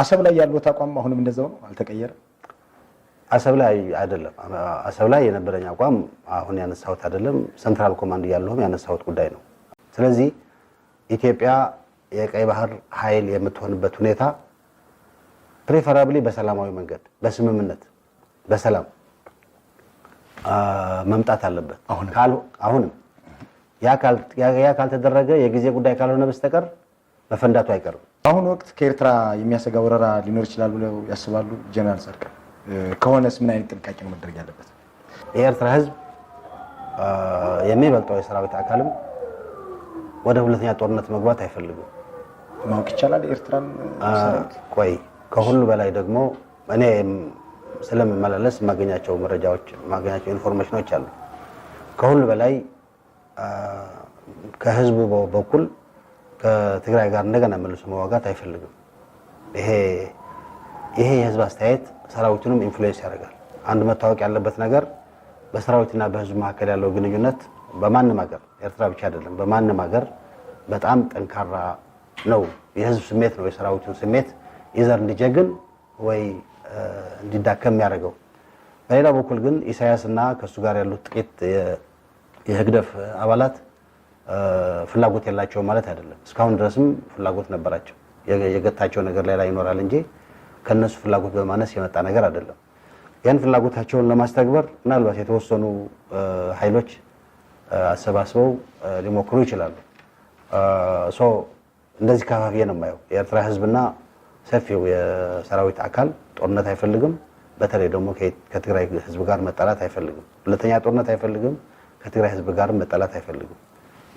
አሰብ ላይ ያለት አቋም አሁንም እንደዛው ነው፣ አልተቀየረም። አሰብ ላይ አይደለም። አሰብ ላይ የነበረኝ አቋም አሁን ያነሳሁት አይደለም። ሰንትራል ኮማንድ ያለውም ያነሳሁት ጉዳይ ነው። ስለዚህ ኢትዮጵያ የቀይ ባህር ኃይል የምትሆንበት ሁኔታ ፕሬፈራብሊ በሰላማዊ መንገድ በስምምነት በሰላም መምጣት አለበት። አሁንም ያ ካልተደረገ የጊዜ ጉዳይ ካልሆነ በስተቀር መፈንዳቱ አይቀርም። አሁን ወቅት ከኤርትራ የሚያሰጋ ወረራ ሊኖር ይችላል ብለው ያስባሉ ጀነራል ጻድቃን? ከሆነስ ምን አይነት ጥንቃቄ ነው መደረግ ያለበት? የኤርትራ ህዝብ የሚበልጠው የሰራዊት አካልም ወደ ሁለተኛ ጦርነት መግባት አይፈልግም። ማወቅ ይቻላል ኤርትራን ቆይ ከሁሉ በላይ ደግሞ እኔ ስለምመላለስ የማገኛቸው መረጃዎች የማገኛቸው ኢንፎርሜሽኖች አሉ። ከሁሉ በላይ ከህዝቡ በኩል ከትግራይ ጋር እንደገና መልሶ መዋጋት አይፈልግም። ይሄ ይሄ የህዝብ አስተያየት ሰራዊቱንም ኢንፍሉዌንስ ያደርጋል። አንድ መታወቅ ያለበት ነገር በሰራዊትና በህዝብ መካከል ያለው ግንኙነት በማንም ሀገር ኤርትራ ብቻ አይደለም፣ በማንም ሀገር በጣም ጠንካራ ነው። የህዝብ ስሜት ነው የሰራዊቱን ስሜት ይዘር እንዲጀግን ወይ እንዲዳከም የሚያደርገው። በሌላ በኩል ግን ኢሳያስና ከእሱ ጋር ያሉት ጥቂት የህግደፍ አባላት ፍላጎት የላቸውም ማለት አይደለም። እስካሁን ድረስም ፍላጎት ነበራቸው። የገታቸው ነገር ሌላ ይኖራል እንጂ ከነሱ ፍላጎት በማነስ የመጣ ነገር አይደለም። ያን ፍላጎታቸውን ለማስተግበር ምናልባት የተወሰኑ ኃይሎች አሰባስበው ሊሞክሩ ይችላሉ። እንደዚህ ከፋፊ ነው የማየው። የኤርትራ ሕዝብና ሰፊው የሰራዊት አካል ጦርነት አይፈልግም። በተለይ ደግሞ ከትግራይ ሕዝብ ጋር መጣላት አይፈልግም። ሁለተኛ ጦርነት አይፈልግም። ከትግራይ ሕዝብ ጋርም መጣላት አይፈልግም።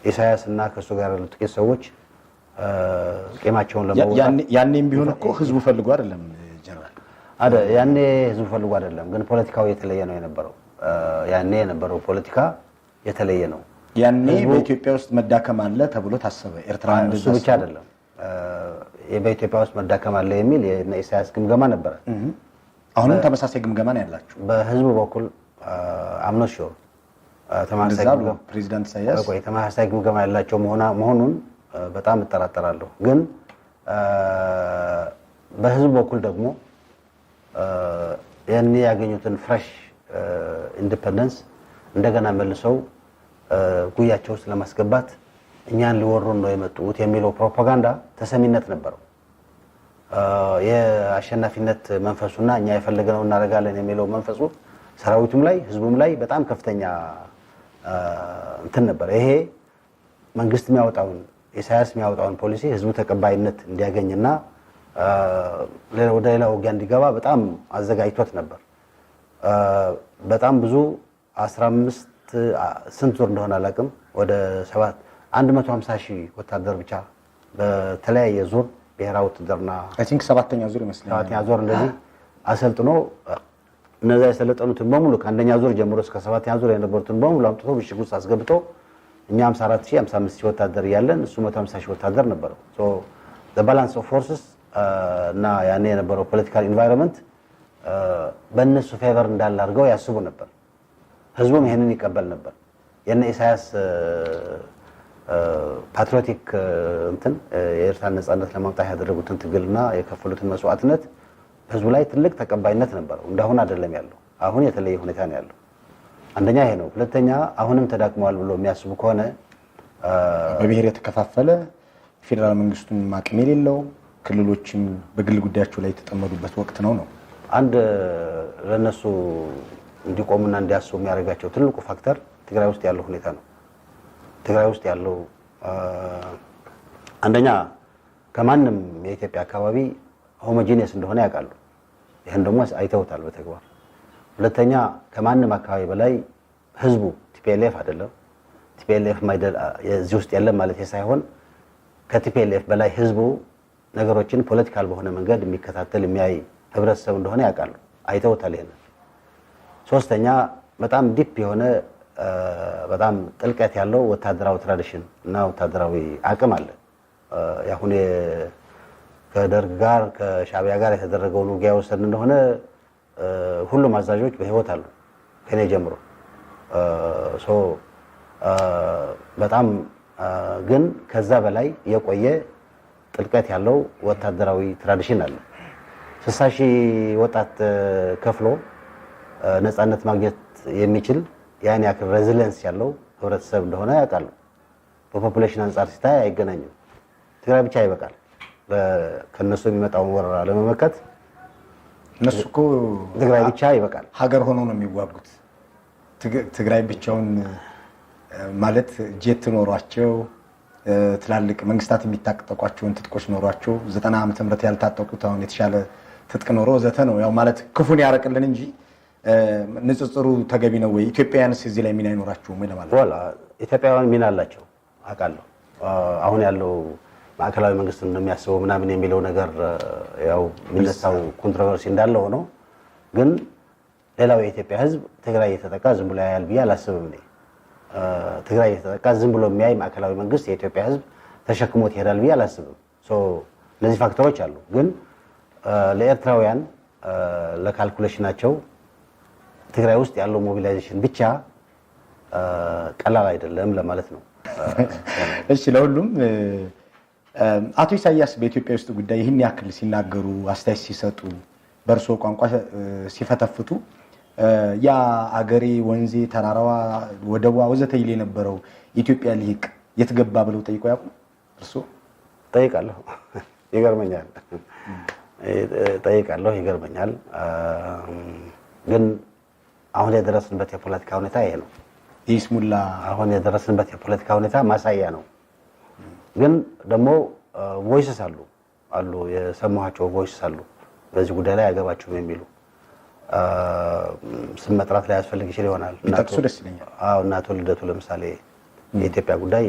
ኢሳያስ እና ከእሱ ጋር ያሉ ጥቂት ሰዎች ቂማቸውን ለመወጣት ያኔም ቢሆን እኮ ህዝቡ ፈልጎ አይደለም ጀነራል አደ ያኔ ህዝቡ ፈልጎ አይደለም፣ ግን ፖለቲካው የተለየ ነው የነበረው። ያኔ የነበረው ፖለቲካ የተለየ ነው። ያኔ በኢትዮጵያ ውስጥ መዳከም አለ ተብሎ ታሰበ። ኤርትራ እሱ ብቻ አይደለም፣ በኢትዮጵያ ውስጥ መዳከም አለ የሚል የኢሳያስ ግምገማ ነበረ። አሁንም ተመሳሳይ ግምገማ ነው ያላችሁ በህዝቡ በኩል አምኖ ሺር ፕሬዚዳንት ኢሳያስ ተመሳሳይ ግምገማ ያላቸው መሆኑን በጣም እጠራጠራለሁ። ግን በህዝብ በኩል ደግሞ ያኔ ያገኙትን ፍሬሽ ኢንዲፐንደንስ እንደገና መልሰው ጉያቸው ውስጥ ለማስገባት እኛን ሊወሩን ነው የመጡት የሚለው ፕሮፓጋንዳ ተሰሚነት ነበረው። የአሸናፊነት መንፈሱና እኛ የፈለግነው እናደርጋለን የሚለው መንፈሱ ሰራዊቱም ላይ ህዝቡም ላይ በጣም ከፍተኛ እንትን ነበር። ይሄ መንግስት የሚያወጣውን ኢሳያስ የሚያወጣውን ፖሊሲ ህዝቡ ተቀባይነት እንዲያገኝና ወደ ሌላ ውጊያ እንዲገባ በጣም አዘጋጅቶት ነበር። በጣም ብዙ 15 ስንት ዙር እንደሆነ አላውቅም። ወደ 7 150 ሺህ ወታደር ብቻ በተለያየ ዙር ብሔራዊ ውትድርና ሰባተኛ ዙር ይመስለኛል ሰባተኛ ዙር እንደዚህ አሰልጥኖ እነዛ የሰለጠኑትን በሙሉ ከአንደኛ ዙር ጀምሮ እስከ ሰባተኛ ዙር የነበሩትን በሙሉ አምጥቶ ብሽግ ውስጥ አስገብቶ እኛ 54 ሺህ 55 ሺህ ወታደር እያለን እሱ 150 ሺህ ወታደር ነበረው። ባላንስ ኦፍ ፎርስስ እና ያኔ የነበረው ፖለቲካል ኢንቫይሮንመንት uh, በእነሱ ፌቨር እንዳለ አድርገው ያስቡ ነበር። ህዝቡም ይሄንን ይቀበል ነበር። የነ ኢሳያስ ፓትሪዮቲክ uh, uh, እንትን የኤርትራን ነፃነት ለማምጣት ያደረጉትን ትግልና የከፈሉትን መስዋዕትነት ህዝቡ ላይ ትልቅ ተቀባይነት ነበረው። እንዳሁን አይደለም ያለው። አሁን የተለየ ሁኔታ ነው ያለው። አንደኛ ይሄ ነው። ሁለተኛ አሁንም ተዳክመዋል ብሎ የሚያስቡ ከሆነ በብሔር የተከፋፈለ ፌዴራል መንግስቱን ማቅም የሌለው ክልሎችም በግል ጉዳያቸው ላይ የተጠመዱበት ወቅት ነው ነው አንድ ለነሱ እንዲቆሙና እንዲያስቡ የሚያደርጋቸው ትልቁ ፋክተር ትግራይ ውስጥ ያለው ሁኔታ ነው። ትግራይ ውስጥ ያለው አንደኛ ከማንም የኢትዮጵያ አካባቢ ሆሞጂኒየስ እንደሆነ ያውቃሉ። ይህን ደግሞ አይተውታል በተግባር ሁለተኛ ከማንም አካባቢ በላይ ህዝቡ ቲፒኤልኤፍ አይደለም ቲፒኤልኤፍ እዚህ ውስጥ የለም ማለት ሳይሆን ከቲፒኤልኤፍ በላይ ህዝቡ ነገሮችን ፖለቲካል በሆነ መንገድ የሚከታተል የሚያይ ህብረተሰብ እንደሆነ ያውቃሉ፣ አይተውታል። ይሄንን ሶስተኛ በጣም ዲፕ የሆነ በጣም ጥልቀት ያለው ወታደራዊ ትራዲሽን እና ወታደራዊ አቅም አለ የአሁን ከደርግ ጋር ከሻቢያ ጋር የተደረገውን ውጊያ ወሰን እንደሆነ ሁሉም አዛዦች በህይወት አሉ ከኔ ጀምሮ። በጣም ግን ከዛ በላይ የቆየ ጥልቀት ያለው ወታደራዊ ትራዲሽን አለ። ስልሳ ሺህ ወጣት ከፍሎ ነፃነት ማግኘት የሚችል ያን ያክል ሬዚሊየንስ ያለው ህብረተሰብ እንደሆነ ያውቃሉ። በፖፑሌሽን አንጻር ሲታይ አይገናኝም። ትግራይ ብቻ ይበቃል። ከነሱ የሚመጣውን ወረራ ለመመከት እነሱ እኮ ትግራይ ብቻ ይበቃል፣ ሀገር ሆኖ ነው የሚዋጉት። ትግራይ ብቻውን ማለት ጄት ኖሯቸው ትላልቅ መንግስታት የሚታጠቋቸውን ትጥቆች ኖሯቸው ዘጠና ዓመተ ምህረት ያልታጠቁት አሁን የተሻለ ትጥቅ ኖሮ ዘተ ነው ያው ማለት ክፉን ያረቅልን እንጂ ንጽጽሩ ተገቢ ነው ወይ? ኢትዮጵያውያንስ እዚህ ላይ ሚና አይኖራቸውም ወይ ለማለት ኢትዮጵያውያን ሚና አላቸው አውቃለሁ። አሁን ያለው ማዕከላዊ መንግስት እንደሚያስበው ምናምን የሚለው ነገር ያው የሚነሳው ኮንትሮቨርሲ እንዳለ ሆኖ ግን ሌላው የኢትዮጵያ ህዝብ ትግራይ እየተጠቃ ዝም ብሎ ያያል ብዬ አላስብም። እኔ ትግራይ እየተጠቃ ዝም ብሎ የሚያይ ማዕከላዊ መንግስት የኢትዮጵያ ህዝብ ተሸክሞት ይሄዳል ብዬ አላስብም። እነዚህ ፋክተሮች አሉ። ግን ለኤርትራውያን ለካልኩሌሽናቸው ትግራይ ውስጥ ያለው ሞቢላይዜሽን ብቻ ቀላል አይደለም ለማለት ነው። እሺ ለሁሉም አቶ ኢሳያስ በኢትዮጵያ ውስጥ ጉዳይ ይህን ያክል ሲናገሩ አስተያየት ሲሰጡ በእርስዎ ቋንቋ ሲፈተፍቱ ያ አገሬ፣ ወንዜ፣ ተራራዋ፣ ወደቧ ወዘተ ይል የነበረው የኢትዮጵያ ሊቅ የት ገባ ብለው ጠይቆ ያውቁ? እርስዎ ጠይቃለሁ። ይገርመኛል፣ ጠይቃለሁ፣ ይገርመኛል። ግን አሁን የደረስንበት የፖለቲካ ሁኔታ ይሄ ነው። ይስሙላ አሁን የደረስንበት የፖለቲካ ሁኔታ ማሳያ ነው። ግን ደግሞ ቮይስስ አሉ አሉ የሰማኋቸው ቮይስስ አሉ በዚህ ጉዳይ ላይ አያገባችሁም የሚሉ ስም መጥራት ላይ ያስፈልግ ይችል ይሆናል። እናቶ ልደቱ ለምሳሌ የኢትዮጵያ ጉዳይ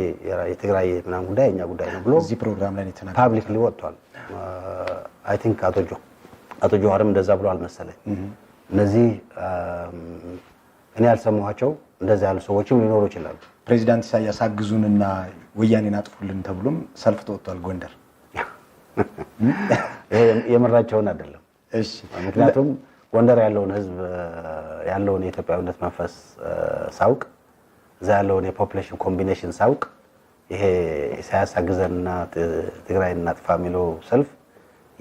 የትግራይ ምናምን ጉዳይ የኛ ጉዳይ ነው ብሎ እዚህ ፕሮግራም ላይ ፓብሊክሊ ወጥቷል። አይ ቲንክ አቶ ጆ አቶ ጆሀርም እንደዛ ብሎ አልመሰለኝ። እነዚህ እኔ ያልሰማኋቸው እንደዚ ያሉ ሰዎችም ሊኖሩ ይችላሉ። ፕሬዚዳንት ኢሳያስ አግዙንና ወያኔን አጥፉልን ተብሎም ሰልፍ ተወጥቷል ጎንደር። የምራቸውን አይደለም። ምክንያቱም ጎንደር ያለውን ህዝብ ያለውን የኢትዮጵያዊነት መንፈስ ሳውቅ፣ እዛ ያለውን የፖፕሌሽን ኮምቢኔሽን ሳውቅ ይሄ ኢሳያስ አግዘንና ትግራይ እናጥፋ የሚለው ሰልፍ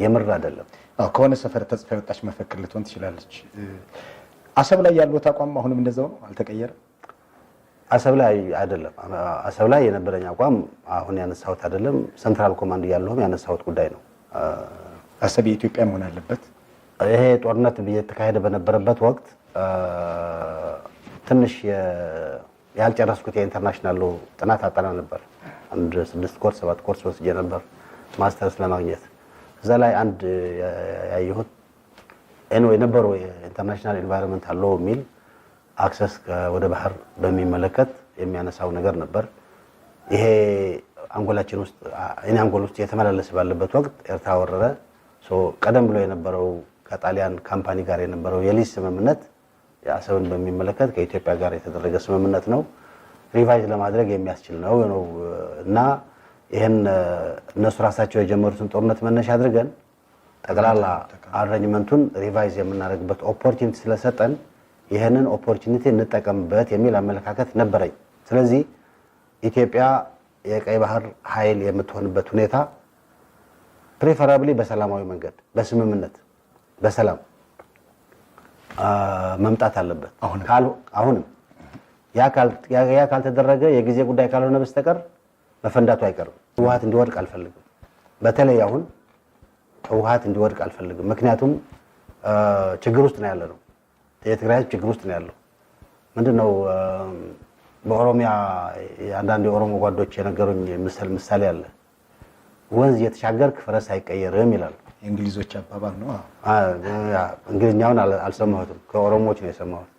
የምር አይደለም። ከሆነ ሰፈር ተጽፋ የወጣች መፈክር ልትሆን ትችላለች። አሰብ ላይ ያሉት አቋም አሁንም እንደዛው ነው፣ አልተቀየረም። አሰብ ላይ አይደለም። አሰብ ላይ የነበረኝ አቋም አሁን ያነሳሁት አይደለም። ሰንትራል ኮማንድ እያለሁም ያነሳሁት ጉዳይ ነው። አሰብ የኢትዮጵያ መሆን አለበት። ይሄ ጦርነት እየተካሄደ በነበረበት ወቅት ትንሽ ያልጨረስኩት የኢንተርናሽናሉ ጥናት አጠና ነበር። አንድ ስድስት ኮርስ ሰባት ኮርስ ወስጄ ነበር ማስተርስ ለማግኘት እዛ ላይ አንድ ያየሁት ኖ የነበረው የኢንተርናሽናል ኤንቫይሮንመንት አለው የሚል አክሰስ ወደ ባህር በሚመለከት የሚያነሳው ነገር ነበር። ይሄ አንጎላችን ውስጥ እኔ አንጎል ውስጥ የተመላለሰ ባለበት ወቅት ኤርትራ ወረረ። ቀደም ብሎ የነበረው ከጣሊያን ካምፓኒ ጋር የነበረው የሊዝ ስምምነት የአሰብን በሚመለከት ከኢትዮጵያ ጋር የተደረገ ስምምነት ነው። ሪቫይዝ ለማድረግ የሚያስችል ነው ነው እና ይህን እነሱ ራሳቸው የጀመሩትን ጦርነት መነሻ አድርገን ጠቅላላ አረንጅመንቱን ሪቫይዝ የምናደርግበት ኦፖርቹኒቲ ስለሰጠን ይህንን ኦፖርቹኒቲ እንጠቀምበት የሚል አመለካከት ነበረኝ። ስለዚህ ኢትዮጵያ የቀይ ባህር ኃይል የምትሆንበት ሁኔታ ፕሪፈራብሊ በሰላማዊ መንገድ በስምምነት በሰላም መምጣት አለበት። አሁንም ያ ካልተደረገ የጊዜ ጉዳይ ካልሆነ በስተቀር መፈንዳቱ አይቀርም። ህወሀት እንዲወድቅ አልፈልግም። በተለይ አሁን ህወሀት እንዲወድቅ አልፈልግም። ምክንያቱም ችግር ውስጥ ነው ያለ ነው። የትግራይ ህዝብ ችግር ውስጥ ነው ያለው። ምንድን ነው በኦሮሚያ አንዳንድ የኦሮሞ ጓዶች የነገሩኝ ምሳሌ ምሳሌ አለ። ወንዝ እየተሻገርክ ፈረስ አይቀየርም ይላሉ። የእንግሊዞች አባባል ነው። እንግሊዝኛውን አልሰማሁትም፣ ከኦሮሞዎች ነው የሰማሁት።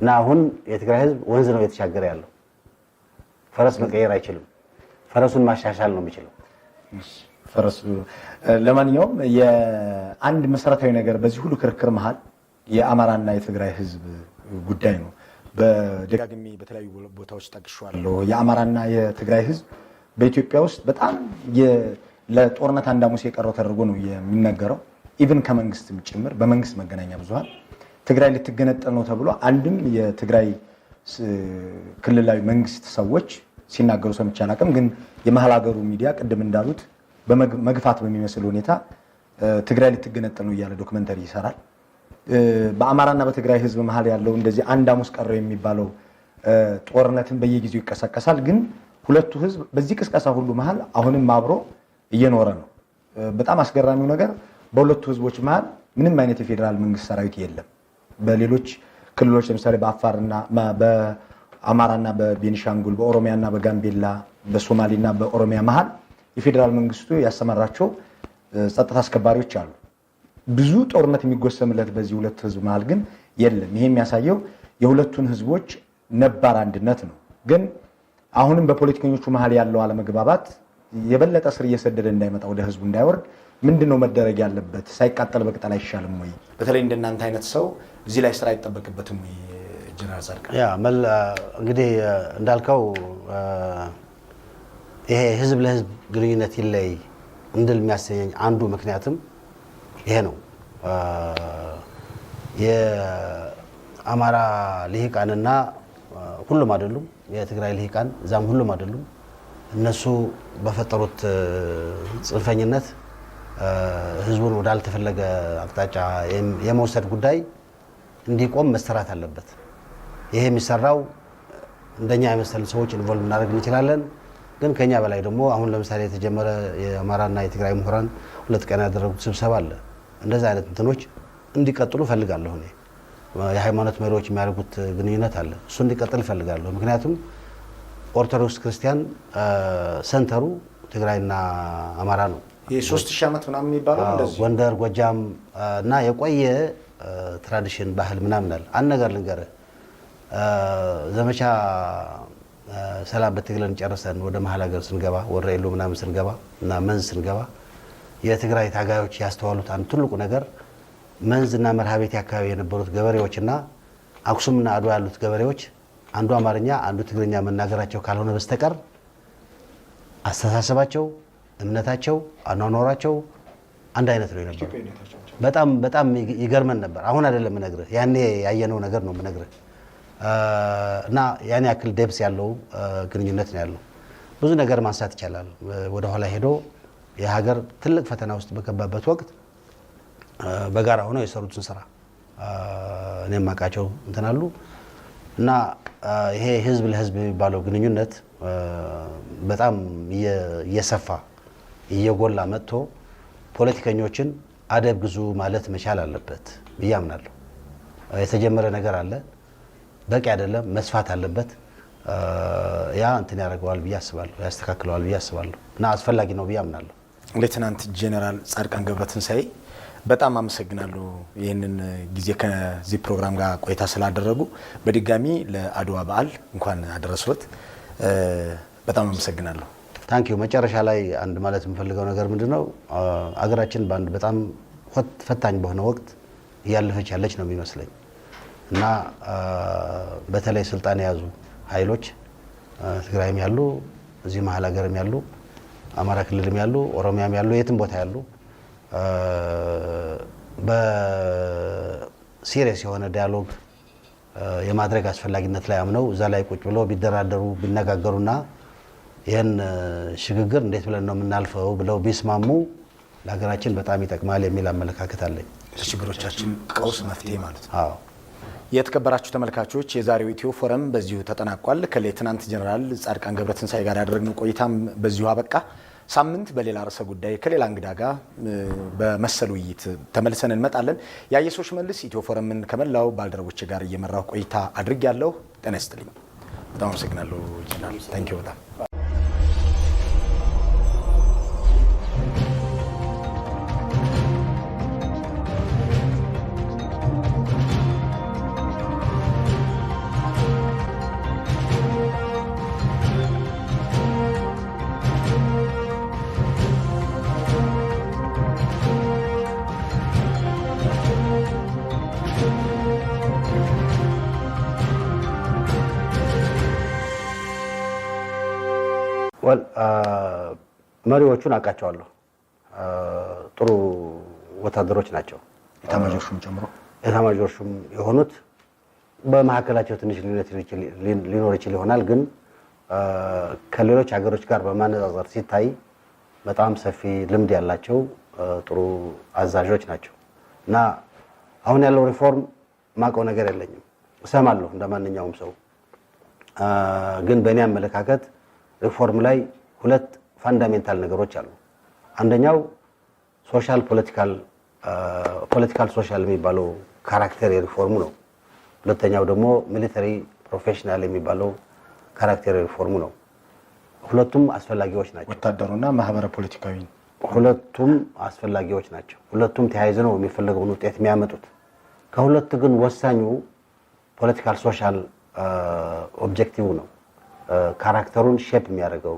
እና አሁን የትግራይ ህዝብ ወንዝ ነው እየተሻገረ ያለው፣ ፈረስ መቀየር አይችልም። ፈረሱን ማሻሻል ነው የሚችለው። ፈረሱ ለማንኛውም የአንድ መሰረታዊ ነገር በዚህ ሁሉ ክርክር መሀል የአማራና የትግራይ ህዝብ ጉዳይ ነው። በደጋግሜ በተለያዩ ቦታዎች ጠቅሼዋለሁ። የአማራና የትግራይ ህዝብ በኢትዮጵያ ውስጥ በጣም ለጦርነት አንዳሙስ የቀረው ተደርጎ ነው የሚነገረው። ኢቭን ከመንግስትም ጭምር በመንግስት መገናኛ ብዙኃን ትግራይ ልትገነጠል ነው ተብሎ አንድም የትግራይ ክልላዊ መንግስት ሰዎች ሲናገሩ ሰምቼ አላውቅም። ግን የመሀል ሀገሩ ሚዲያ ቅድም እንዳሉት በመግፋት በሚመስል ሁኔታ ትግራይ ልትገነጠል ነው እያለ ዶክመንተሪ ይሰራል። በአማራና በትግራይ ህዝብ መሀል ያለው እንደዚህ አንድ አሙስ ቀረው የሚባለው ጦርነትን በየጊዜው ይቀሰቀሳል። ግን ሁለቱ ህዝብ በዚህ ቅስቀሳ ሁሉ መሀል አሁንም አብሮ እየኖረ ነው። በጣም አስገራሚው ነገር በሁለቱ ህዝቦች መሀል ምንም አይነት የፌዴራል መንግስት ሰራዊት የለም። በሌሎች ክልሎች ለምሳሌ በአፋርና በአማራና በቤኒሻንጉል በኦሮሚያና በጋምቤላ በሶማሌና በኦሮሚያ መሀል የፌዴራል መንግስቱ ያሰማራቸው ጸጥታ አስከባሪዎች አሉ። ብዙ ጦርነት የሚጎሰምለት በዚህ ሁለት ህዝብ መሀል ግን የለም። ይሄ የሚያሳየው የሁለቱን ህዝቦች ነባር አንድነት ነው። ግን አሁንም በፖለቲከኞቹ መሀል ያለው አለመግባባት የበለጠ ስር እየሰደደ እንዳይመጣ ወደ ህዝቡ እንዳይወርድ ምንድን ነው መደረግ ያለበት? ሳይቃጠል በቅጠል አይሻልም ወይ? በተለይ እንደናንተ አይነት ሰው እዚህ ላይ ስራ አይጠበቅበትም ወይ? ጀነራል ጻድቃን እንግዲህ እንዳልከው ይሄ ህዝብ ለህዝብ ግንኙነት ይለይ እንድል የሚያሰኘኝ አንዱ ምክንያትም ይሄ ነው የአማራ ልሂቃንና ሁሉም አይደሉም። የትግራይ ልሂቃን እዛም ሁሉም አይደሉም። እነሱ በፈጠሩት ጽንፈኝነት ህዝቡን ወዳልተፈለገ አቅጣጫ የመውሰድ ጉዳይ እንዲቆም መሰራት አለበት። ይሄ የሚሰራው እንደኛ የመሰል ሰዎች ኢንቮልቭ እናደርግ እንችላለን፣ ግን ከኛ በላይ ደግሞ አሁን ለምሳሌ የተጀመረ የአማራና የትግራይ ምሁራን ሁለት ቀን ያደረጉት ስብሰባ አለ። እንደዚህ አይነት እንትኖች እንዲቀጥሉ እፈልጋለሁ። እኔ የሃይማኖት መሪዎች የሚያደርጉት ግንኙነት አለ፣ እሱ እንዲቀጥል እፈልጋለሁ። ምክንያቱም ኦርቶዶክስ ክርስቲያን ሰንተሩ ትግራይና አማራ ነው። የሶስት ሺህ ዓመት ምናምን የሚባለው ጎንደር፣ ጎጃም እና የቆየ ትራዲሽን ባህል ምናምን አለ። አንድ ነገር ልንገርህ፣ ዘመቻ ሰላም በትግለን ጨርሰን ወደ መሀል ሀገር ስንገባ ወረኢሉ ምናምን ስንገባ እና መንዝ ስንገባ የትግራይ ታጋዮች ያስተዋሉት አንድ ትልቁ ነገር መንዝና መርሃቤቴ አካባቢ የነበሩት ገበሬዎችና አክሱምና አድዋ ያሉት ገበሬዎች አንዱ አማርኛ አንዱ ትግርኛ መናገራቸው ካልሆነ በስተቀር አስተሳሰባቸው፣ እምነታቸው፣ አኗኗራቸው አንድ አይነት ነው የነበረው። በጣም በጣም ይገርመን ነበር። አሁን አይደለም ምነግርህ፣ ያኔ ያየነው ነገር ነው ምነግርህ እና ያኔ ያክል ደብስ ያለው ግንኙነት ነው ያለው። ብዙ ነገር ማንሳት ይቻላል ወደኋላ ሄዶ የሀገር ትልቅ ፈተና ውስጥ በገባበት ወቅት በጋራ ሆነው የሰሩትን ስራ እኔ የማውቃቸው እንትን አሉ እና ይሄ ህዝብ ለህዝብ የሚባለው ግንኙነት በጣም እየሰፋ እየጎላ መጥቶ ፖለቲከኞችን አደብ ግዙ ማለት መቻል አለበት ብዬ አምናለሁ። የተጀመረ ነገር አለ፣ በቂ አይደለም፣ መስፋት አለበት። ያ እንትን ያደርገዋል ብዬ አስባለሁ፣ ያስተካክለዋል ብዬ አስባለሁ እና አስፈላጊ ነው ብዬ አምናለሁ። ሌትናንት ጄኔራል ጻድቃን ገብረትንሳኤ በጣም አመሰግናለሁ ይህንን ጊዜ ከዚህ ፕሮግራም ጋር ቆይታ ስላደረጉ። በድጋሚ ለአድዋ በዓል እንኳን አደረሱት። በጣም አመሰግናለሁ። ታንኪዩ። መጨረሻ ላይ አንድ ማለት የምፈልገው ነገር ምንድን ነው፣ አገራችን በአንድ በጣም ፈታኝ በሆነ ወቅት እያለፈች ያለች ነው የሚመስለኝ እና በተለይ ስልጣን የያዙ ኃይሎች ትግራይም ያሉ እዚህ መሀል ሀገርም ያሉ አማራ ክልልም ያሉ ኦሮሚያም ያሉ የትም ቦታ ያሉ በሲሪየስ የሆነ ዲያሎግ የማድረግ አስፈላጊነት ላይ አምነው እዛ ላይ ቁጭ ብለው ቢደራደሩ ቢነጋገሩና ይህን ሽግግር እንዴት ብለን ነው የምናልፈው ብለው ቢስማሙ ለሀገራችን በጣም ይጠቅማል የሚል አመለካከት አለኝ። ለችግሮቻችን ቀውስ መፍትሄ ማለት ነው። የተከበራችሁ ተመልካቾች የዛሬው ኢትዮ ፎረም በዚሁ ተጠናቋል። ከሌትናንት ጀነራል ጻድቃን ገብረትንሳኤ ጋር ያደረግነው ቆይታም በዚሁ አበቃ። ሳምንት በሌላ ርዕሰ ጉዳይ ከሌላ እንግዳ ጋር በመሰል ውይይት ተመልሰን እንመጣለን። የአየሶች መልስ ኢትዮ ፎረምን ከመላው ባልደረቦች ጋር እየመራሁ ቆይታ አድርግ ያለው ጤና ይስጥልኝ። በጣም አመሰግናለሁ። ይችላል ታንኪ በጣም መሪዎቹን አውቃቸዋለሁ። ጥሩ ወታደሮች ናቸው። ኤታማዦር ሹም ጨምሮ ኤታማዦር ሹም የሆኑት በመካከላቸው ትንሽ ሊኖር ይችል ይሆናል፣ ግን ከሌሎች ሀገሮች ጋር በማነጻጸር ሲታይ በጣም ሰፊ ልምድ ያላቸው ጥሩ አዛዦች ናቸው እና አሁን ያለው ሪፎርም ማቀው ነገር የለኝም። እሰማለሁ እንደ ማንኛውም ሰው። ግን በእኔ አመለካከት ሪፎርም ላይ ሁለት ፋንዳሜንታል ነገሮች አሉ። አንደኛው ሶሻል ፖለቲካል ፖለቲካል ሶሻል የሚባለው ካራክተር የሪፎርሙ ነው። ሁለተኛው ደግሞ ሚሊተሪ ፕሮፌሽናል የሚባለው ካራክተር የሪፎርሙ ነው። ሁለቱም አስፈላጊዎች ናቸው። ወታደሩና ማህበረ ፖለቲካዊ ሁለቱም አስፈላጊዎች ናቸው። ሁለቱም ተያይዘ ነው የሚፈለገውን ውጤት የሚያመጡት። ከሁለቱ ግን ወሳኙ ፖለቲካል ሶሻል ኦብጀክቲቭ ነው። ካራክተሩን ሼፕ የሚያደርገው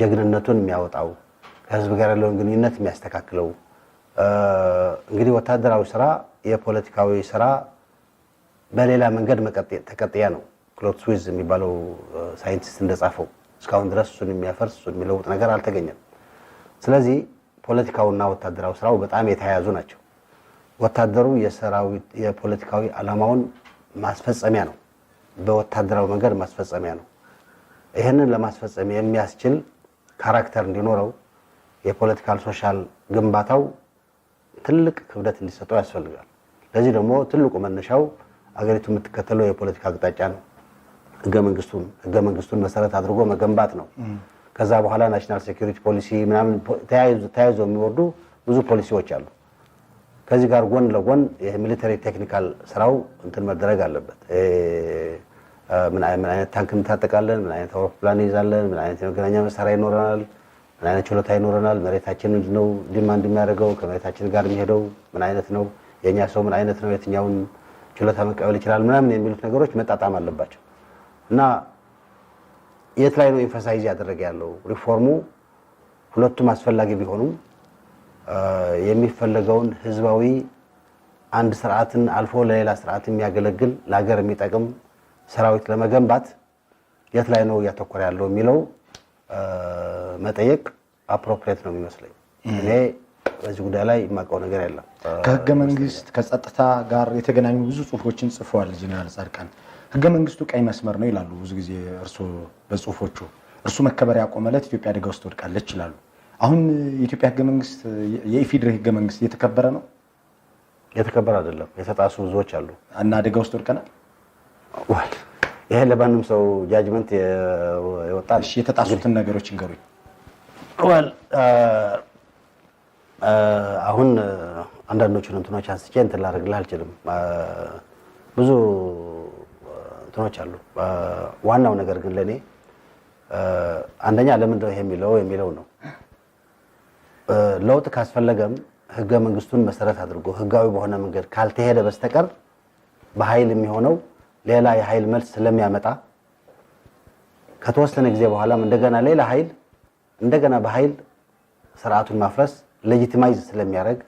ጀግንነቱን የሚያወጣው ከህዝብ ጋር ያለውን ግንኙነት የሚያስተካክለው እንግዲህ ወታደራዊ ስራ የፖለቲካዊ ስራ በሌላ መንገድ ተቀጥያ ነው። ክሎት ስዊዝ የሚባለው ሳይንቲስት እንደጻፈው እስካሁን ድረስ እሱን የሚያፈርስ እሱን የሚለውጥ ነገር አልተገኘም። ስለዚህ ፖለቲካውና ወታደራዊ ስራው በጣም የተያያዙ ናቸው። ወታደሩ የፖለቲካዊ ዓላማውን ማስፈጸሚያ ነው፣ በወታደራዊ መንገድ ማስፈጸሚያ ነው። ይህንን ለማስፈጸም የሚያስችል ካራክተር እንዲኖረው የፖለቲካል ሶሻል ግንባታው ትልቅ ክብደት እንዲሰጠው ያስፈልጋል። ለዚህ ደግሞ ትልቁ መነሻው አገሪቱ የምትከተለው የፖለቲካ አቅጣጫ ነው። ህገ መንግስቱን ህገ መንግስቱን መሰረት አድርጎ መገንባት ነው። ከዛ በኋላ ናሽናል ሴኩሪቲ ፖሊሲ ምናምን ተያይዞ የሚወርዱ ብዙ ፖሊሲዎች አሉ። ከዚህ ጋር ጎን ለጎን የሚሊተሪ ቴክኒካል ስራው እንትን መደረግ አለበት። ምን አይነት ታንክ እንታጠቃለን፣ ምን አይነት አውሮፕላን ይዛለን፣ ምን አይነት የመገናኛ መሳሪያ ይኖረናል፣ ምን አይነት ችሎታ ይኖረናል፣ መሬታችን ነው ዲማንድ የሚያደርገው፣ ከመሬታችን ጋር የሚሄደው ምን አይነት ነው፣ የእኛ ሰው ምን አይነት ነው፣ የትኛውን ችሎታ መቀበል ይችላል፣ ምናምን የሚሉት ነገሮች መጣጣም አለባቸው እና የት ላይ ነው ኤንፈሳይዝ ያደረገ ያለው ሪፎርሙ? ሁለቱም አስፈላጊ ቢሆኑም የሚፈለገውን ህዝባዊ አንድ ስርዓትን አልፎ ለሌላ ስርዓት የሚያገለግል ለሀገር የሚጠቅም ሰራዊት ለመገንባት የት ላይ ነው እያተኮረ ያለው የሚለው መጠየቅ አፕሮፕሬት ነው የሚመስለኝ። እኔ በዚህ ጉዳይ ላይ የማውቀው ነገር የለም። ከህገ መንግስት ከጸጥታ ጋር የተገናኙ ብዙ ጽሁፎችን ጽፈዋል ጀነራል ጻድቃን። ህገ መንግስቱ ቀይ መስመር ነው ይላሉ ብዙ ጊዜ እርሶ በጽሁፎቹ። እርሱ መከበር ያቆመለት ኢትዮጵያ አደጋ ውስጥ ወድቃለች ይላሉ። አሁን የኢትዮጵያ ህገ መንግስት የኢፌዴሪ ህገ መንግስት እየተከበረ ነው? የተከበረ አይደለም። የተጣሱ ብዙዎች አሉ እና አደጋ ውስጥ ወድቀናል። ይሄ ለማንም ሰው ጃጅመንት የወጣ የተጣሱትን ነገሮች እንገሩኝ። አሁን አንዳንዶቹን እንትኖች አንስቼ እንትን ላደርግልህ አልችልም። ብዙ እንትኖች አሉ። ዋናው ነገር ግን ለእኔ አንደኛ ለምንድነው ይሄ የሚለው የሚለው ነው። ለውጥ ካስፈለገም ህገ መንግስቱን መሰረት አድርጎ ህጋዊ በሆነ መንገድ ካልተሄደ በስተቀር በኃይል የሚሆነው ሌላ የኃይል መልስ ስለሚያመጣ ከተወሰነ ጊዜ በኋላም እንደገና ሌላ ኃይል እንደገና በኃይል ስርዓቱን ማፍረስ ሌጂቲማይዝ ስለሚያደርግ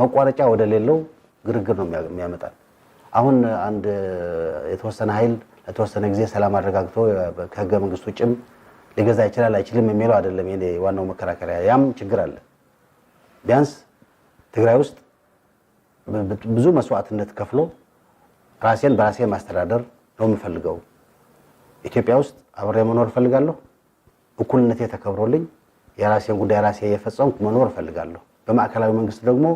መቋረጫ ወደ ሌለው ግርግር ነው የሚያመጣል። አሁን አንድ የተወሰነ ኃይል ለተወሰነ ጊዜ ሰላም አረጋግቶ ከህገ መንግስቱ ጭም ሊገዛ ይችላል አይችልም የሚለው አይደለም የኔ ዋናው መከራከሪያ። ያም ችግር አለ። ቢያንስ ትግራይ ውስጥ ብዙ መስዋዕትነት ከፍሎ ራሴን በራሴ ማስተዳደር ነው የምፈልገው። ኢትዮጵያ ውስጥ አብሬ መኖር እፈልጋለሁ። እኩልነት ተከብሮልኝ የራሴን ጉዳይ ራሴ እየፈጸምኩ መኖር እፈልጋለሁ። በማዕከላዊ መንግስት ደግሞ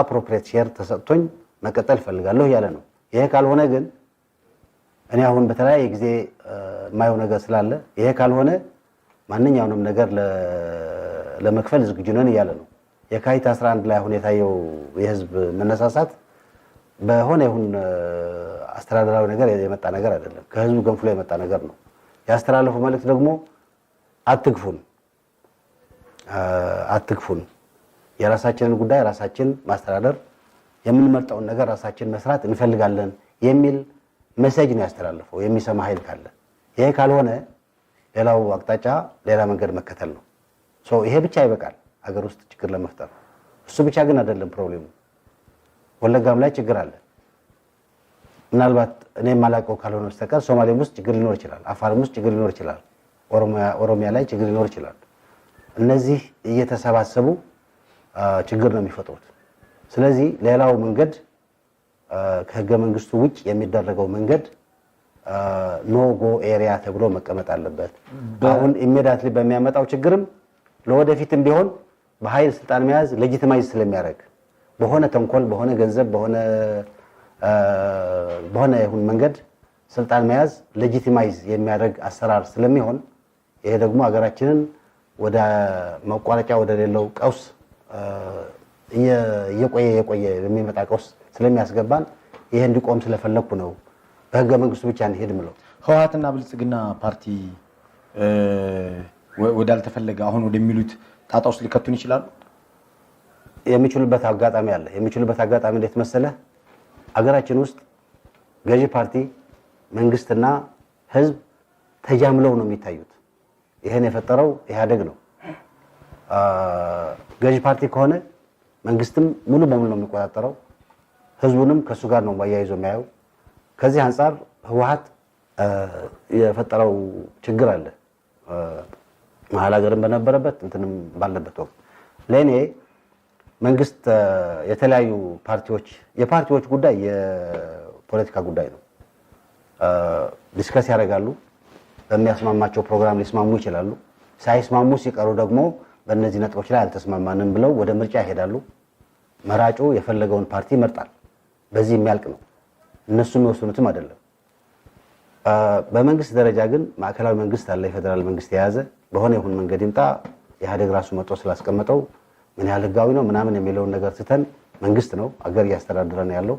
አፕሮፕሬት ሼር ተሰጥቶኝ መቀጠል እፈልጋለሁ እያለ ነው። ይሄ ካልሆነ ግን እኔ አሁን በተለያየ ጊዜ የማየው ነገር ስላለ ይሄ ካልሆነ ማንኛውንም ነገር ለመክፈል ዝግጁ ነን እያለ ነው። የካቲት 11 ላይ አሁን የታየው የህዝብ መነሳሳት በሆነ ይሁን አስተዳደራዊ ነገር የመጣ ነገር አይደለም። ከህዝቡ ገንፍሎ የመጣ ነገር ነው። ያስተላለፉ መልእክት ደግሞ አትግፉን፣ አትግፉን፣ የራሳችንን ጉዳይ ራሳችን ማስተዳደር፣ የምንመርጠውን ነገር ራሳችን መስራት እንፈልጋለን የሚል መሴጅ ነው ያስተላለፈው። የሚሰማ ኃይል ካለ ይሄ ካልሆነ ሌላው አቅጣጫ ሌላ መንገድ መከተል ነው። ይሄ ብቻ ይበቃል ሀገር ውስጥ ችግር ለመፍጠር። እሱ ብቻ ግን አይደለም ፕሮብሌሙ ወለጋም ላይ ችግር አለ። ምናልባት እኔ የማላውቀው ካልሆነ በስተቀር ሶማሌም ውስጥ ችግር ሊኖር ይችላል፣ አፋርም ውስጥ ችግር ሊኖር ይችላል፣ ኦሮሚያ ላይ ችግር ሊኖር ይችላል። እነዚህ እየተሰባሰቡ ችግር ነው የሚፈጥሩት። ስለዚህ ሌላው መንገድ ከህገ መንግስቱ ውጭ የሚደረገው መንገድ ኖጎ ኤሪያ ተብሎ መቀመጥ አለበት። አሁን ኢሜዳትሊ በሚያመጣው ችግርም ለወደፊትም ቢሆን በኃይል ስልጣን መያዝ ሌጂቲማይዝ ስለሚያደርግ በሆነ ተንኮል፣ በሆነ ገንዘብ፣ በሆነ ይሁን መንገድ ስልጣን መያዝ ሌጂቲማይዝ የሚያደርግ አሰራር ስለሚሆን ይሄ ደግሞ ሀገራችንን ወደ መቋረጫ ወደሌለው ቀውስ እየቆየ የቆየ የሚመጣ ቀውስ ስለሚያስገባን ይሄ እንዲቆም ስለፈለግኩ ነው። በህገ መንግስቱ ብቻ እንሄድ ምለው ህወሓትና ብልጽግና ፓርቲ ወዳልተፈለገ አሁን ወደሚሉት ጣጣ ውስጥ ሊከቱን ይችላሉ። የሚችሉበት አጋጣሚ አለ። የሚችሉበት አጋጣሚ እንዴት መሰለህ? አገራችን ውስጥ ገዢ ፓርቲ መንግስትና ህዝብ ተጃምለው ነው የሚታዩት። ይህን የፈጠረው ኢህአዴግ ነው። ገዢ ፓርቲ ከሆነ መንግስትም ሙሉ በሙሉ ነው የሚቆጣጠረው፣ ህዝቡንም ከእሱ ጋር ነው አያይዞ የሚያየው። ከዚህ አንጻር ህወሀት የፈጠረው ችግር አለ መሀል ሀገርም በነበረበት እንትንም ባለበት ወቅት ለእኔ መንግስት የተለያዩ ፓርቲዎች የፓርቲዎች ጉዳይ የፖለቲካ ጉዳይ ነው። ዲስከስ ያደርጋሉ። በሚያስማማቸው ፕሮግራም ሊስማሙ ይችላሉ። ሳይስማሙ ሲቀሩ ደግሞ በእነዚህ ነጥቦች ላይ አልተስማማንም ብለው ወደ ምርጫ ይሄዳሉ። መራጩ የፈለገውን ፓርቲ ይመርጣል። በዚህ የሚያልቅ ነው። እነሱ የሚወስኑትም አይደለም። በመንግስት ደረጃ ግን ማዕከላዊ መንግስት አለ፣ የፌዴራል መንግስት የያዘ በሆነ ይሁን መንገድ ይምጣ ኢህአዴግ ራሱ መጥቶ ስላስቀመጠው ምን ያህል ህጋዊ ነው ምናምን የሚለውን ነገር ስተን መንግስት ነው አገር ነው ያለው።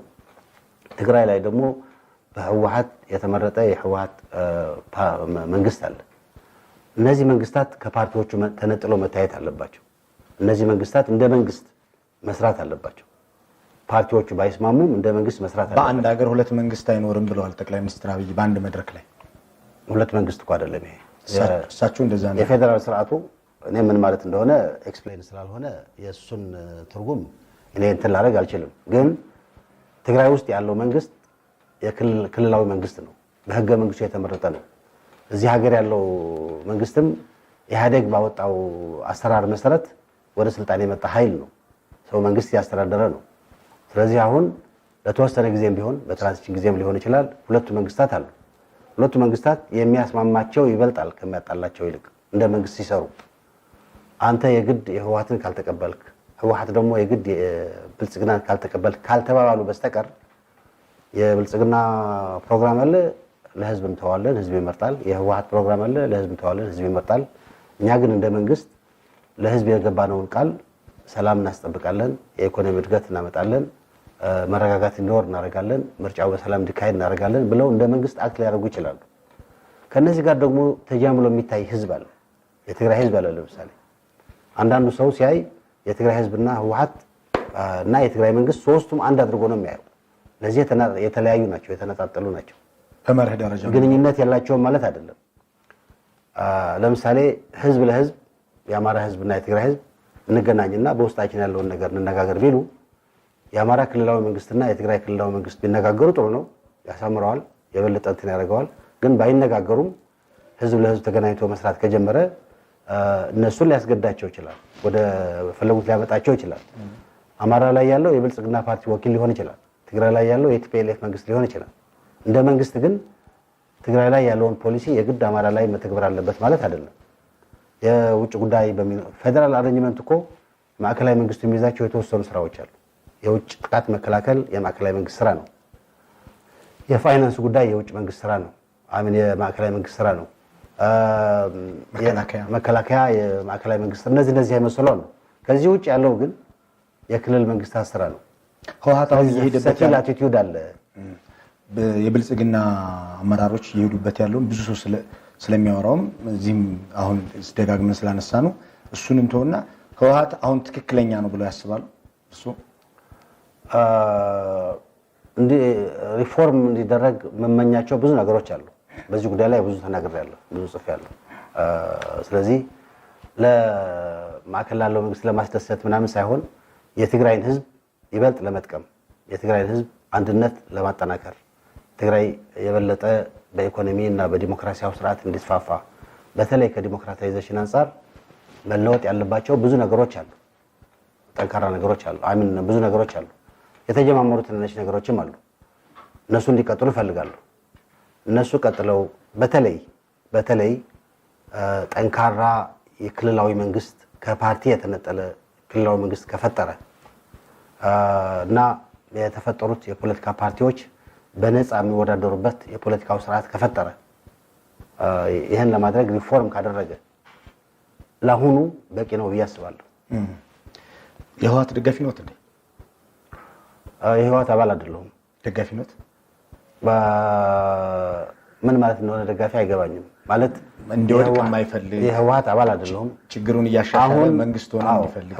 ትግራይ ላይ ደግሞ በህወሀት የተመረጠ የህወሀት መንግስት አለ። እነዚህ መንግስታት ከፓርቲዎቹ ተነጥሎ መታየት አለባቸው። እነዚህ መንግስታት እንደ መንግስት መስራት አለባቸው። ፓርቲዎቹ ባይስማሙም እንደ መንግስት መስራት አለባቸው። በአንድ ሀገር ሁለት መንግስት አይኖርም ብለዋል ጠቅላይ ሚኒስትር አብይ በአንድ መድረክ ላይ። ሁለት መንግስት እኮ አይደለም ይሄ። እሳቸው እንደዛ ነው የፌዴራል ስርዓቱ እኔ ምን ማለት እንደሆነ ኤክስፕሌን ስላልሆነ የእሱን ትርጉም እኔ እንትን ላደርግ አልችልም። ግን ትግራይ ውስጥ ያለው መንግስት የክልላዊ መንግስት ነው፣ በህገ መንግስቱ የተመረጠ ነው። እዚህ ሀገር ያለው መንግስትም ኢህአዴግ ባወጣው አሰራር መሰረት ወደ ስልጣን የመጣ ኃይል ነው። ሰው መንግስት እያስተዳደረ ነው። ስለዚህ አሁን ለተወሰነ ጊዜም ቢሆን በትራንዚሽን ጊዜም ሊሆን ይችላል ሁለቱ መንግስታት አሉ። ሁለቱ መንግስታት የሚያስማማቸው ይበልጣል ከሚያጣላቸው ይልቅ እንደ መንግስት ሲሰሩ አንተ የግድ የህወሀትን ካልተቀበልክ ህወሀት ደግሞ የግድ ብልጽግና ካልተቀበልክ ካልተባባሉ በስተቀር የብልጽግና ፕሮግራም አለ፣ ለህዝብ እንተዋለን፣ ህዝብ ይመርጣል። የህወሀት ፕሮግራም አለ፣ ለህዝብ እንተዋለን፣ ህዝብ ይመርጣል። እኛ ግን እንደ መንግስት ለህዝብ የገባነውን ቃል ሰላም እናስጠብቃለን፣ የኢኮኖሚ እድገት እናመጣለን፣ መረጋጋት እንዲኖር እናደርጋለን፣ ምርጫው በሰላም እንዲካሄድ እናደርጋለን ብለው እንደ መንግስት አክት ሊያደርጉ ይችላሉ። ከእነዚህ ጋር ደግሞ ተጃምሎ የሚታይ ህዝብ አለ፣ የትግራይ ህዝብ አለ ለምሳሌ አንዳንዱ ሰው ሲያይ የትግራይ ህዝብና ህወሀት እና የትግራይ መንግስት ሶስቱም አንድ አድርጎ ነው የሚያየው። ለዚህ የተለያዩ ናቸው፣ የተነጣጠሉ ናቸው። በመርህ ደረጃ ግንኙነት የላቸውም ማለት አይደለም። ለምሳሌ ህዝብ ለህዝብ የአማራ ህዝብና የትግራይ ህዝብ እንገናኝና በውስጣችን ያለውን ነገር እንነጋገር ቢሉ የአማራ ክልላዊ መንግስትና የትግራይ ክልላዊ መንግስት ቢነጋገሩ ጥሩ ነው፣ ያሳምረዋል፣ የበለጠ እንትን ያደርገዋል። ግን ባይነጋገሩም ህዝብ ለህዝብ ተገናኝቶ መስራት ከጀመረ እነሱን ሊያስገዳቸው ይችላል፣ ወደ ፈለጉት ሊያመጣቸው ይችላል። አማራ ላይ ያለው የብልጽግና ፓርቲ ወኪል ሊሆን ይችላል። ትግራይ ላይ ያለው የቲፒኤልኤፍ መንግስት ሊሆን ይችላል። እንደ መንግስት ግን ትግራይ ላይ ያለውን ፖሊሲ የግድ አማራ ላይ መተግበር አለበት ማለት አይደለም። የውጭ ጉዳይ ፌደራል አረንጅመንት እኮ ማዕከላዊ መንግስቱ የሚይዛቸው የተወሰኑ ስራዎች አሉ። የውጭ ጥቃት መከላከል የማዕከላዊ መንግስት ስራ ነው። የፋይናንስ ጉዳይ የውጭ መንግስት ስራ ነው። አሚን የማዕከላዊ መንግስት ስራ ነው። መከላከያ፣ የማዕከላዊ መንግስት እነዚህ እነዚህ የመሰሉ ነው። ከዚህ ውጭ ያለው ግን የክልል መንግስታት ስራ ነው። ህወሓት አሁን አለ። የብልጽግና አመራሮች እየሄዱበት ያለውን ብዙ ሰው ስለሚያወራውም እዚህም አሁን ደጋግመን ስላነሳ ነው። እሱንም እንተውና ህወሓት አሁን ትክክለኛ ነው ብለው ያስባሉ እርስዎ? ሪፎርም እንዲደረግ መመኛቸው ብዙ ነገሮች አሉ። በዚህ ጉዳይ ላይ ብዙ ተናግሬያለሁ፣ ብዙ ጽፌያለሁ። ስለዚህ ለማዕከል ላለው መንግስት ለማስደሰት ምናምን ሳይሆን የትግራይን ህዝብ ይበልጥ ለመጥቀም የትግራይን ህዝብ አንድነት ለማጠናከር ትግራይ የበለጠ በኢኮኖሚ እና በዲሞክራሲያዊ ስርዓት እንዲስፋፋ በተለይ ከዲሞክራታይዜሽን አንጻር መለወጥ ያለባቸው ብዙ ነገሮች አሉ፣ ጠንካራ ነገሮች አሉ፣ ብዙ ነገሮች አሉ። የተጀማመሩ ትንንሽ ነገሮችም አሉ። እነሱ እንዲቀጥሉ እፈልጋለሁ። እነሱ ቀጥለው በተለይ በተለይ ጠንካራ የክልላዊ መንግስት ከፓርቲ የተነጠለ ክልላዊ መንግስት ከፈጠረ እና የተፈጠሩት የፖለቲካ ፓርቲዎች በነፃ የሚወዳደሩበት የፖለቲካው ስርዓት ከፈጠረ ይህን ለማድረግ ሪፎርም ካደረገ ለአሁኑ በቂ ነው ብዬ አስባለሁ። የህወሓት ደጋፊ ነት እንዴ? የህወሓት አባል አይደለሁም። ደጋፊ ነት ምን ማለት እንደሆነ ደጋፊ አይገባኝም። ማለት እንዲወድቅ የማይፈልግ የህወሀት አባል አይደለሁም። ችግሩን እያሻሻለ መንግስት ሆነ እንዲፈልግ